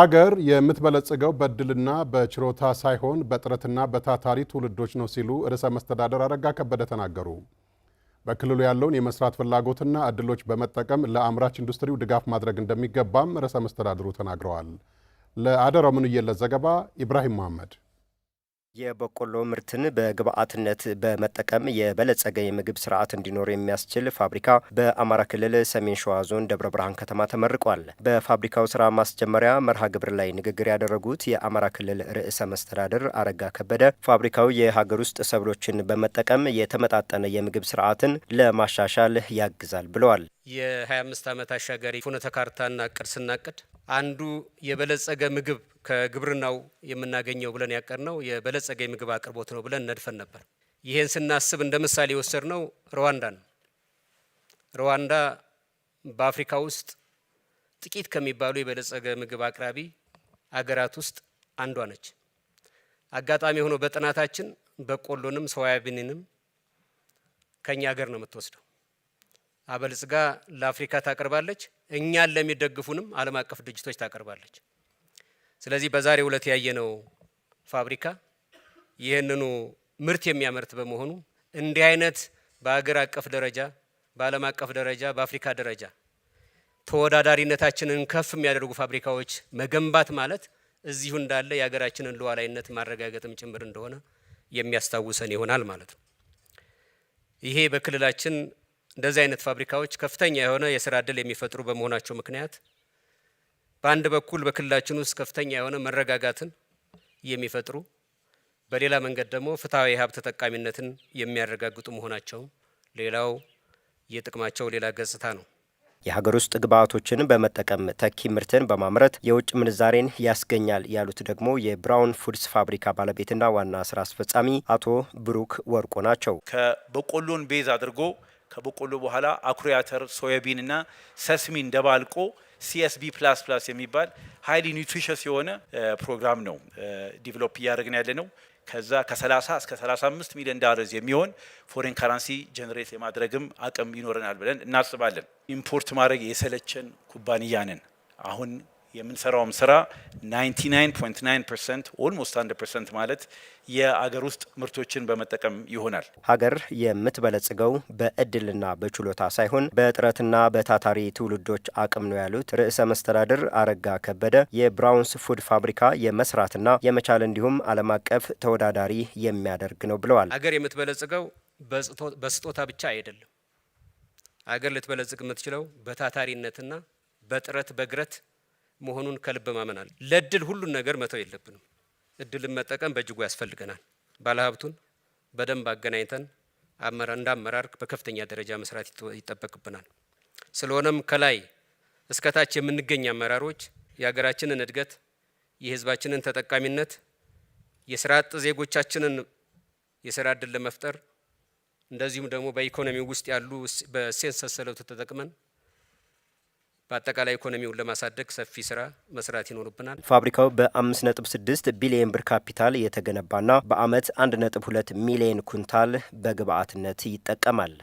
ሀገር የምትበለጽገው በእድልና በችሮታ ሳይሆን በጥረትና በታታሪ ትውልዶች ነው ሲሉ ርዕሰ መስተዳደር አረጋ ከበደ ተናገሩ። በክልሉ ያለውን የመስራት ፍላጎትና እድሎች በመጠቀም ለአምራች ኢንዱስትሪው ድጋፍ ማድረግ እንደሚገባም ርዕሰ መስተዳድሩ ተናግረዋል። ለአደራው ምንየለት ዘገባ ኢብራሂም መሐመድ የበቆሎ ምርትን በግብዓትነት በመጠቀም የበለጸገ የምግብ ስርዓት እንዲኖር የሚያስችል ፋብሪካ በአማራ ክልል ሰሜን ሸዋ ዞን ደብረ ብርሃን ከተማ ተመርቋል። በፋብሪካው ስራ ማስጀመሪያ መርሃ ግብር ላይ ንግግር ያደረጉት የአማራ ክልል ርዕሰ መስተዳድር አረጋ ከበደ ፋብሪካው የሀገር ውስጥ ሰብሎችን በመጠቀም የተመጣጠነ የምግብ ስርዓትን ለማሻሻል ያግዛል ብለዋል። የ25 ዓመት አሻጋሪ ፍኖተ ካርታና እቅድ ስናቅድ አንዱ የበለጸገ ምግብ ከግብርናው የምናገኘው ብለን ያቀድነው የበለጸገ የምግብ አቅርቦት ነው ብለን ነድፈን ነበር። ይህን ስናስብ እንደ ምሳሌ የወሰድነው ሩዋንዳ ነው። ሩዋንዳ በአፍሪካ ውስጥ ጥቂት ከሚባሉ የበለጸገ ምግብ አቅራቢ አገራት ውስጥ አንዷ ነች። አጋጣሚ ሆኖ በጥናታችን በቆሎንም ሶያቢንንም ከኛ ሀገር ነው የምትወስደው። አበልጽጋ ለአፍሪካ ታቀርባለች። እኛን ለሚደግፉንም ዓለም አቀፍ ድርጅቶች ታቀርባለች። ስለዚህ በዛሬው ዕለት ያየነው ፋብሪካ ይህንኑ ምርት የሚያመርት በመሆኑ እንዲህ አይነት በአገር አቀፍ ደረጃ፣ በዓለም አቀፍ ደረጃ፣ በአፍሪካ ደረጃ ተወዳዳሪነታችንን ከፍ የሚያደርጉ ፋብሪካዎች መገንባት ማለት እዚሁ እንዳለ የሀገራችንን ሉዓላዊነት ማረጋገጥም ጭምር እንደሆነ የሚያስታውሰን ይሆናል ማለት ነው። ይሄ በክልላችን እንደዚህ አይነት ፋብሪካዎች ከፍተኛ የሆነ የስራ እድል የሚፈጥሩ በመሆናቸው ምክንያት በአንድ በኩል በክልላችን ውስጥ ከፍተኛ የሆነ መረጋጋትን የሚፈጥሩ በሌላ መንገድ ደግሞ ፍትሐዊ ሀብ ተጠቃሚነትን የሚያረጋግጡ መሆናቸው ሌላው የጥቅማቸው ሌላ ገጽታ ነው። የሀገር ውስጥ ግብአቶችን በመጠቀም ተኪ ምርትን በማምረት የውጭ ምንዛሬን ያስገኛል ያሉት ደግሞ የብራውን ፉድስ ፋብሪካ ባለቤትና ዋና ስራ አስፈጻሚ አቶ ብሩክ ወርቆ ናቸው። ከበቆሎን ቤዝ አድርጎ ከበቆሎ በኋላ አኩሪ አተር ሶያቢን እና ሰስሚን ደባልቆ ሲኤስቢ ፕላስ ፕላስ የሚባል ሀይሊ ኒውትሪሽስ የሆነ ፕሮግራም ነው ዲቨሎፕ እያደረግን ያለ ነው። ከዛ ከ30 እስከ 35 ሚሊዮን ዳለርስ የሚሆን ፎሬን ካረንሲ ጀነሬት የማድረግም አቅም ይኖረናል ብለን እናስባለን። ኢምፖርት ማድረግ የሰለቸን ኩባንያ ነን አሁን የምንሰራውም ስራ 99.9 ኦልሞስት 1 ማለት የአገር ውስጥ ምርቶችን በመጠቀም ይሆናል። ሀገር የምትበለጽገው በእድልና በችሎታ ሳይሆን በጥረትና በታታሪ ትውልዶች አቅም ነው ያሉት ርዕሰ መስተዳድር አረጋ ከበደ የብራውንስ ፉድ ፋብሪካ የመስራትና የመቻል እንዲሁም ዓለም አቀፍ ተወዳዳሪ የሚያደርግ ነው ብለዋል። ሀገር የምትበለጽገው በስጦታ ብቻ አይደለም። ሀገር ልትበለጽግ የምትችለው በታታሪነትና በጥረት በግረት መሆኑን ከልብ ማመናል። ለእድል ሁሉን ነገር መተው የለብንም። እድልን መጠቀም በእጅጉ ያስፈልገናል። ባለሀብቱን በደንብ አገናኝተን እንደ አመራር በከፍተኛ ደረጃ መስራት ይጠበቅብናል። ስለሆነም ከላይ እስከታች የምንገኝ አመራሮች የሀገራችንን እድገት፣ የህዝባችንን ተጠቃሚነት፣ የስራ አጥ ዜጎቻችንን የስራ እድል ለመፍጠር እንደዚሁም ደግሞ በኢኮኖሚ ውስጥ ያሉ በእሴት ሰንሰለቱ ተጠቅመን በአጠቃላይ ኢኮኖሚውን ለማሳደግ ሰፊ ስራ መስራት ይኖርብናል። ፋብሪካው በ5.6 ቢሊዮን ብር ካፒታል የተገነባና በአመት 1.2 ሚሊዮን ኩንታል በግብአትነት ይጠቀማል።